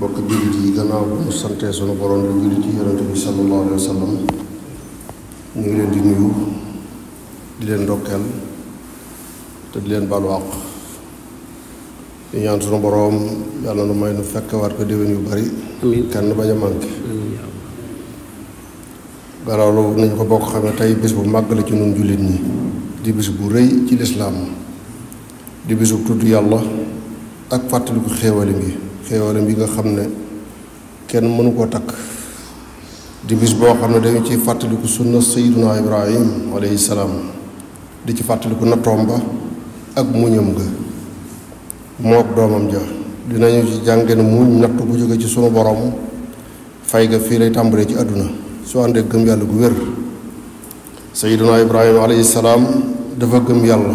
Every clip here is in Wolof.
bokk jullit yi gannaaw bu ñu santee sunu borom bi jullit yi yonent bi sallallahu alayhi wa sallam ñu ngi leen di nuyu di leen ndokkeel te di leen balu àq di ñaan sunu borom yàlla nu may nu fekkewaat ko déwén yu bari kenn bañ a manqué gannaaw nañu ko bokk xam ne tey bis bu màgg la ci nun jullit ñi di bis bu rëy ci lislaam di bisu tudd yàlla ak fàttaliku xéewali bi xéewalam yi nga xam ne kenn mënu koo takk di bis boo xam ne dañu ci fàttaliku sunna sayyiduna ibrahim alayhi salaam di ci fàttaliku nattoom ba ak muñam nga mook doomam ja dinañu ci jànge ne muñ natt bu jóge ci sunu borom fay nga fii lay tàmbalee ci àdduna soo àndee gëm yàlla gu wér sayyiduna ibrahim alayhi salaam dafa gëm yàlla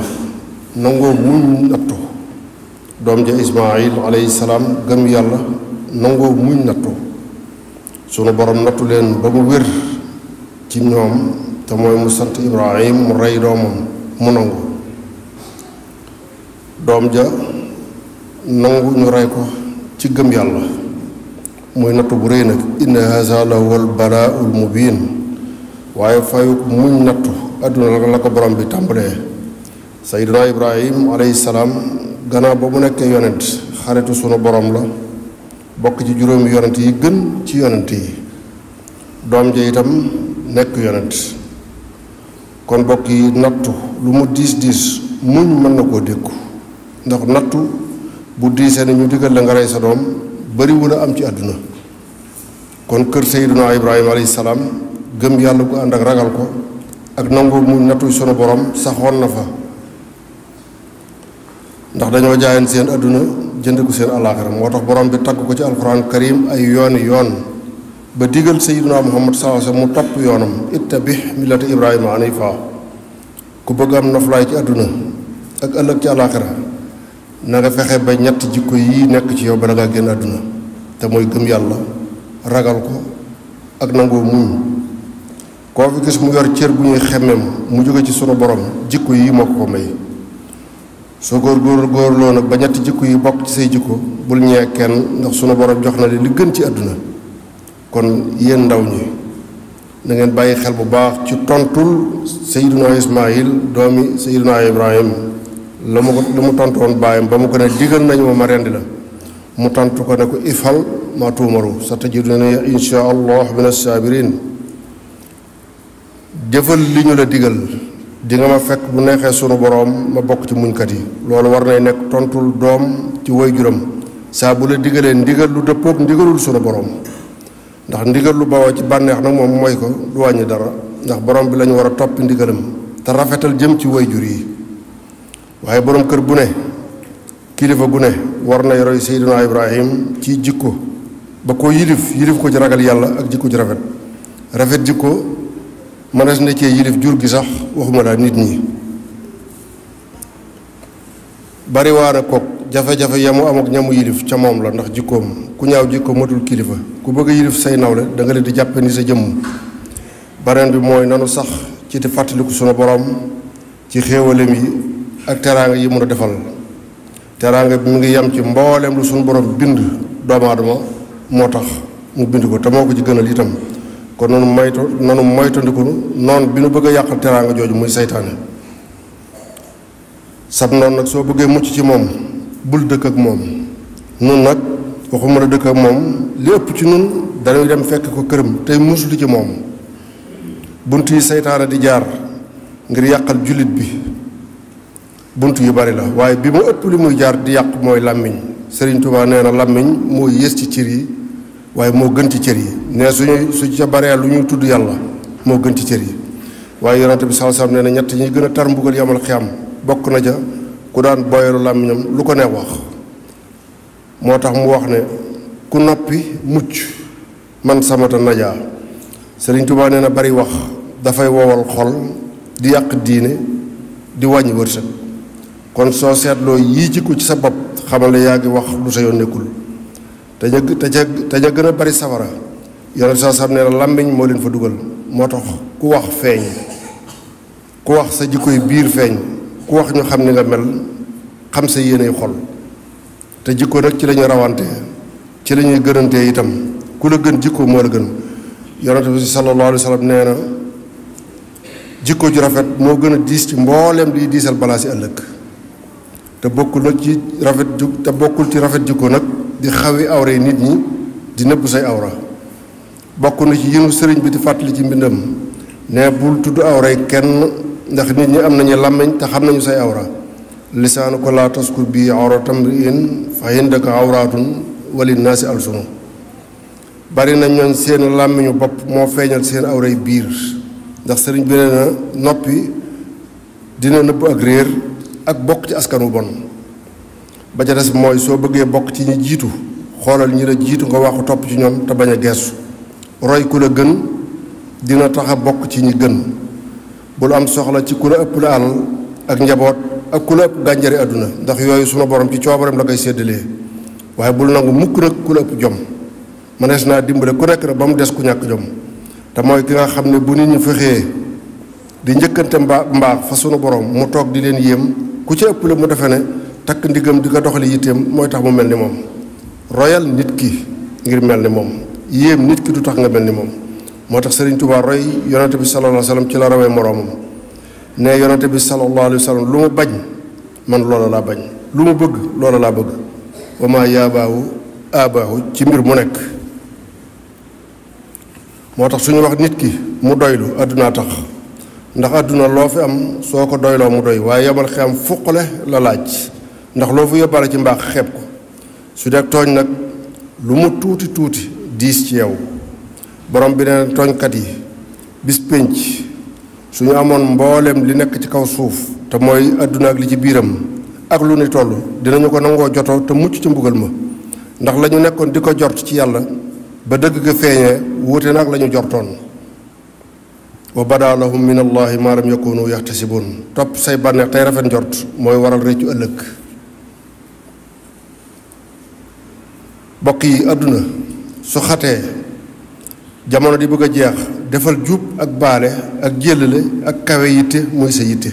nangoo muñ nattu doom ja ismail alayhi salaam gëm yàlla nangoo muñ nattu sunu borom nattu leen ba mu wér ci ñoom te mooy mu sant ibrahim mu rey doomam mu nangu doom ja nangu ñu rey ko ci gëm yàlla muy nattu bu rëy nag inna haza la wal balaaul mubin waaye fayu muñ nattu àdduna la ko borom bi tàmbalee sayduna ibrahim alayhi salaam gannaaw ba mu nekkee yonent xaritu sunu borom la bokk ci juróomi yonent yi gën ci yonent yi doom ja itam nekk yonent kon bokk yi nattu lu mu diis diis muñ mën na koo dékku ndax nattu bu diisee ne ñu digal la nga rey sa doom bariwul a am ci àdduna kon kër Seydunaa Ibrahima alayhi salaam gëm yàlla gu ànd ak ragal ko ak nangu mu nattu sunu borom saxoon na fa ndax dañoo jaayan seen adduna jënd ko seen alaaxira moo tax boroom bi tagg ko ci alquran karim ay yooni yoon ba digal sayyiduna muhammad sallallahu alayhi wasallam mu topp yoonam ittabih millata ibrahima hanifa ku bëgg am noflaay ci àdduna ak ëllëg ci alaaxira na nga fexe ba ñett jikko yi nekk ci yow ba da génn adduna te mooy gëm yàlla ragal ko ak nangoo muñ koo fi gis mu yor cër bu ñuy xemmem mu jóge ci sunu borom jikko yi moo ko ko may soo góor góor góor noonu ba ñetti jikk yi bokk ci say jikko bul ñee kenn ndax sunu borom jox na li gën ci àdduna kon yéen ndaw ñi na ngeen bàyyi xel bu baax ci tontul Seydina Ismaayil doomi Seydina Ibrahim la mu lu mu tontoon baayam ba mu ko ne digal nañu ma ma rendi la mu tontu ko ne ko ifal ma tuumaru sa tajiduna insha allah min as-saabiriin jëfal li ñu la digal di nga ma fekk bu neexee sunu boroom ma bokk ci muñkat yi loolu war nay nekk tontuwul doom ci woy juram saa bu la digalee ndigal lu dëppoog ndigalul sunu boroom ndax ndigal lu bawoo ci bànneex nag moom mooy ko du wàññi dara ndax borom bi lañu war a topp ndigalam te rafetal jëm ci woy jur yi waaye borom kër bu ne kilifa gu ne war nay roy seydinaa ibrahim ci jikko ba ko yilif yilif ko ci ragal yàlla ak jikko ci rafet rafet jikko mënees na cee yilif jur gi sax waxuma laa nit ñi bariwaana kook jafe-jafe yamu am ak ñamu yilif ca moom la ndax jikkoom ku ñaaw jikko matul kilifa ku bëgg a yilif say nawle da nga leen di jàppe ni sa jëmm bareen bi mooy nanu sax ci di fàttaliku sunu borom ci xéewalam yi ak teraanga yi mun a defal teraanga bi mu ngi yam ci mboolem lu sunu borom bind doomu aadama moo tax mu bind ko te moo ko ci gënal itam kon noonu moytu noonu moytandiku noonu bi nu bëgg a yàqal teraanga jooju muy seytaane sab noonu nag soo bëggee mucc ci moom bul dëkk ak moom nun nag waxuma la dëkk ak moom li ëpp ci nun dañuy dem fekk ko këram tey muslu ci moom bunt yu seytaane di jaar ngir yàqal jullit bi bunt yu bari la waaye bi mu ëpp li muy jaar di yàq mooy làmmiñ Sëriñ Tuubaa nee na làmmiñ mooy yées ci cir yi waaye moo gën ci cër yi ne suñu su ca baree lu ñuy tudd yàlla moo gën ci cër yi waaye yonante bi sallallahu alayhi nee na ñett ñi gën a tar mbugal yamal xiyam bokk na ca ku daan booyalu làmmiñam lu ko neex wax moo tax mu wax ne ku noppi mucc man samata najaa Sëriñ Tuubaa nee na bari wax dafay wowal xol di yàq diine di wàññi wërsëg kon soo seetloo yii ci ko ci sa bopp xamal yaa ngi wax lu sa yoon nekkul te ca te gën a bari safara yonent saa sam nee na làmmiñ moo leen fa dugal moo tax ku wax feeñ ku wax sa jikko yi biir feeñ ku wax ñu xam ni nga mel xam sa yéeney xol te jikko nag ci lañuy rawante ci lañuy gënantee itam ku la gën jikko moo la gën yonent bi sallallahu alayhi wa sallam nee na jikko ju rafet moo gën a diis ci mbooleem di diisal balaa si ëllëg te bokkul nag rafet ju te bokkul ci rafet jikko nag di xawi awra nit ñi di nëbb say awra bokk na ci yéenu sëriñ bi di fàttali ci mbindam ne bul tudd awray kenn ndax nit ñi am nañu làmmiñ te xam nañu say awra lisaanu ko laa taskur bii awratam riin fa hindaka awraatun wali naasi alsunu bari na ñooñ seen làmmiñu bopp moo feeñal seeni seen awray biir ndax sëriñ bi nee na noppi dina nëbb ak réer ak bokk ci askan wu bon ba ca des mooy soo bëggee bokk ci ñi jiitu xoolal ñi la jiitu nga waxu topp ci ñoom te bañ a geesu roy ku la gën dina taxa bokk ci ñi gën bul am soxla ci ku la ëpp la alal ak njaboot ak ku la ëpp gànjari àdduna ndax yooyu suma borom ci coobareem la koy séddalee waaye bul nangu mukk nag ku la ëpp jom mënees naa dimbale ku nekk na ba mu des ku ñàkk jom te mooy ki nga xam ne bu nit ñu fexee di njëkkante mbaa mbaax fa sunu borom mu toog di leen yéem ku ci ëpp la mu defe takk ndigam di nga doxali yitteem mooy tax mu mel ni moom royal nit ki ngir mel ni moom yéem nit ki du tax nga mel ni moom moo tax Sëriñ Tuubaa roy yonente bi sallallahu alayhi ci la rawee moroomam ne yonente bi sallallahu alayhi wa lu mu bañ man loola laa bañ lu mu bëgg loola laa bëgg wa maa yaabaahu aabaahu ci mbir mu nekk moo tax suñu wax nit ki mu doylu àddunaa tax ndax àdduna loo fi am soo ko doyloo mu doy waaye yamal xe am fuqale la laaj ndax loo fu yóbbaale ci mbaax xeeb ko su dee tooñ nag lu mu tuuti tuuti diis ci yow borom bi nee tooñkat yi bis pénc su ñu amoon mbooleem li nekk ci kaw suuf te mooy àdduna ak li ci biiram ak lu ni toll dinañu ko nangoo joto te mucc ci mbugal ma ndax lañu nekkoon di ko jot ci yàlla ba dëgg ga feeñee wuute na ak la ñu jortoon wa bada lahum min allahi ma lam yakunu yaxtasibuun topp say bànneex tey rafet jot mooy waral rëccu ëllëg bokk yi àdduna su xatee jamono di bëgg a jeex defal jub ak baale ak jéllale ak kawe yitte muy sa yitte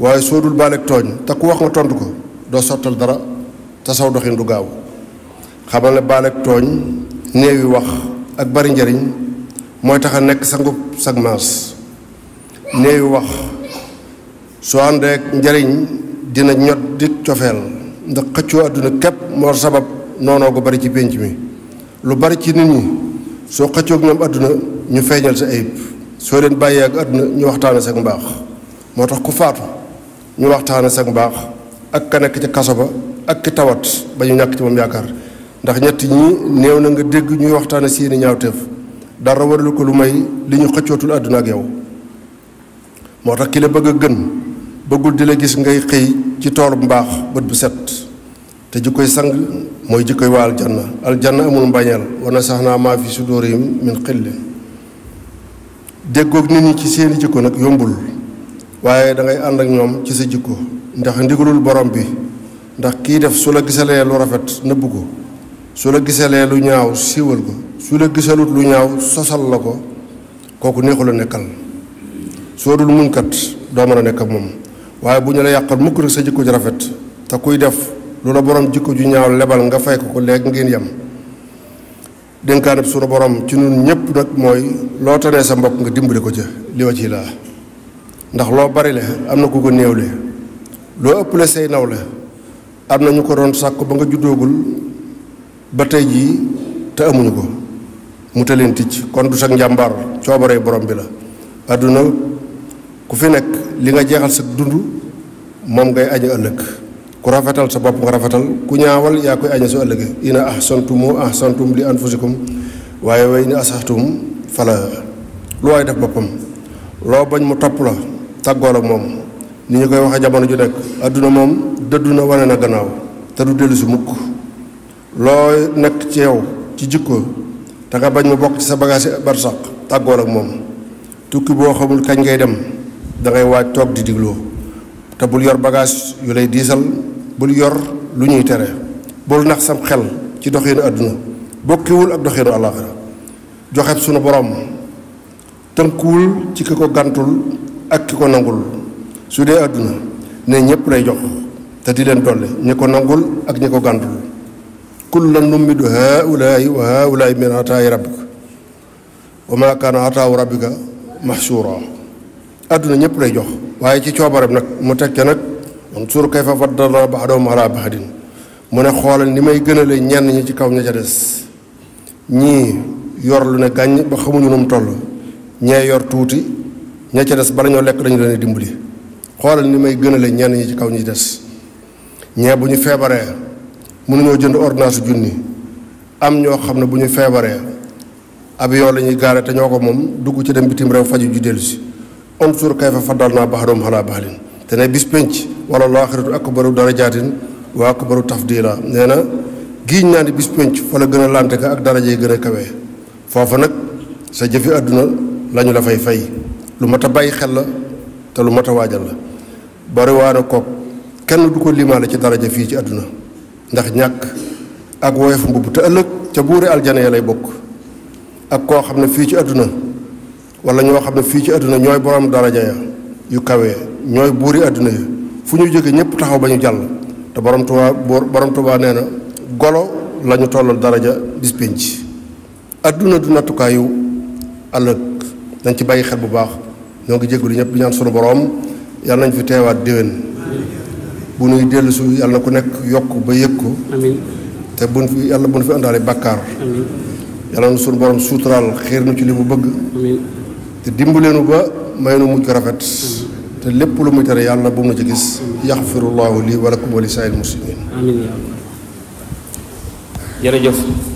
waaye soo dul baale tooñ te ku wax nga tontu ko doo sottal dara te saw doxin du gaaw xamal ne baale ak tooñ néewi wax ak bari njariñ mooy tax a nekk sa ngub sag maas néewi wax soo àndee ak njariñ dina ñot di cofeel ndax xëccoo àdduna képp moo sabab noonoo ko bari ci bénj mi lu bari ci nit ñi soo xëccoog ñoom àdduna ñu feeñal sa ayib soo leen bàyyee ak àdduna ñu waxtaane sag mbaax moo tax ku faatu ñu waxtaane sag mbaax ak ka nekk ca kaso ba ak ki tawat ba ñu ñàkk ci moom yaakaar ndax ñett ñi néew na nga dégg ñuy waxtaane seeni ñaawteef dara waralu ko lu may li ñu xëccootul àdduna ak yow moo tax ki la bëgg a gën bëggul di la gis ngay xëy ci toolu mbaax bët bu set te jikkoy sang mooy jikkoy waa aljanna aljanna amul mbañeel wana sax naa maa fi sudóorihim min xillin déggoog nit ñi ci seeni jikko nag yombul waaye dangay ngay ànd ak ñoom ci sa jikko ndax ndigalul borom bi ndax kiy def su la gisalee lu rafet nëbb ko su la gisalee lu ñaaw siiwal ko su la gisalut lu ñaaw sosal la ko kooku neexu la nekkal soo dul muñkat doo mën a nekk moom waaye bu ñu la yàqal mukk rek sa jikko ji rafet te kuy def lu la borom jikko ju ñaaw lebal nga fay ko ko ngeen yem dénkaanab sunu borom ci nun ñëpp nag mooy loo tanee sa mbokk nga dimbali ko ca li wa ci laa ndax loo bari le am na ku ko néew néewle loo ëpp ëpple say nawle am na ñu ko doon sàkk ba nga juddoogul ba tey jii te amuñu ko mu te leen ticc kon du sag njàmbaar coobaree borom bi la àdduna ku fi nekk li nga jeexal sa dund moom ngay añu ëllëg ku rafetal sa bopp nga rafetal ku ñaawal yaa koy añe su ëllëgee ina ahsantum ahsantum li anfusikum waaye way ni asaxtum fala lu waay def boppam loo bañ mu topp la tàggool ak moom ni ñu koy waxee jamono ju nekk adduna moom dëddu na wane na gannaaw te du dellu si mukk loo nekk ci yow ci jikko te nga bañ mu bokk ci sa bagage barsaq tàggool ak moom tukki boo xamul kañ ngay dem dangay ngay waaj toog di digloo te yor bagage yu lay diisal bul yor lu ñuy tere boolu nax sam xel ci doxinu àdduna bokkiwul ak doxinu àllaaxira joxeb sunu borom tënkuwul ci ki ko gàntul ak ki ko nangul su dee àdduna ne ñépp lay jox te di leen dolli ñi ko nangul ak ñi ko gàntul kullan nummidu haulaai wa haulaai min ataayi rabbika wa maa kaana ataawu rabbika mahsuura àdduna ñépp lay jox waaye ci coobareem nag mu tekke nag unsur kayfa faddalna ba'dahum ala ba'din mu ne xoolal ni may gënale ñenn ñi ci kaw ña ca des ñii yor lu ne gàññ ba xamuñu nu mu toll ñee yor tuuti ña ca des bala ñoo lekk dañu leen dimbali xoolal ni may gënale ñenn ñi ci kaw ñi des ñee bu ñu feebaree mënuñoo jënd ordonnance junni am ñoo xam ne bu ñu feebaree avion la ñuy gaare te ñoo ko moom dugg ci dem bitim réew faju ju dellu si unsur kayfa faddalna ba'dahum ala ba'din te ne bis penc wala laaxiratu akbaru darajaatin wa akbaru tafdila nee na giiñ naa ni bis penc fa la gën a lante ka ak daraja yi gën a kawe foofa nag sa jëfi àdduna lañu la fay fay lu mat a bàyyi xel la te lu mat a waajal la bari waa na kook kenn du ko limaale ci daraja fii ci àdduna ndax ñàkk ak woyof mbubb te ëllëg ca buuri aljana ya lay bokk ak koo xam ne fii ci àdduna wala ñoo xam ne fii ci àdduna ñooy borom daraja ya yu kawe ñooy buuri àdduna yi fu ñu jóge ñëpp taxaw ba ñu jàll te borom Tuubaa borom Tuubaa nee na golo lañu ñu tollal daraja bis pénc àdduna du nattukaayu ëllëg dañ ci bàyyi xel bu baax ñoo ngi jégalu ñëpp di ñaan sunu borom yàlla nañ fi teewaat déwén bu nuy dellusu yàlla na ku nekk yokk ba yëg ko te buñ fi yàlla buñ fi àndaale bàkkaar yàlla na sunu borom suuturaal xiir nu ci li mu bëgg te dimbaleenu ba may mujj rafet te lépp lu muy tere yàlla bu mu na ci gis yaxfirullahu lii wa lakum wa li saa'iril muslimiin amiin jërëjëf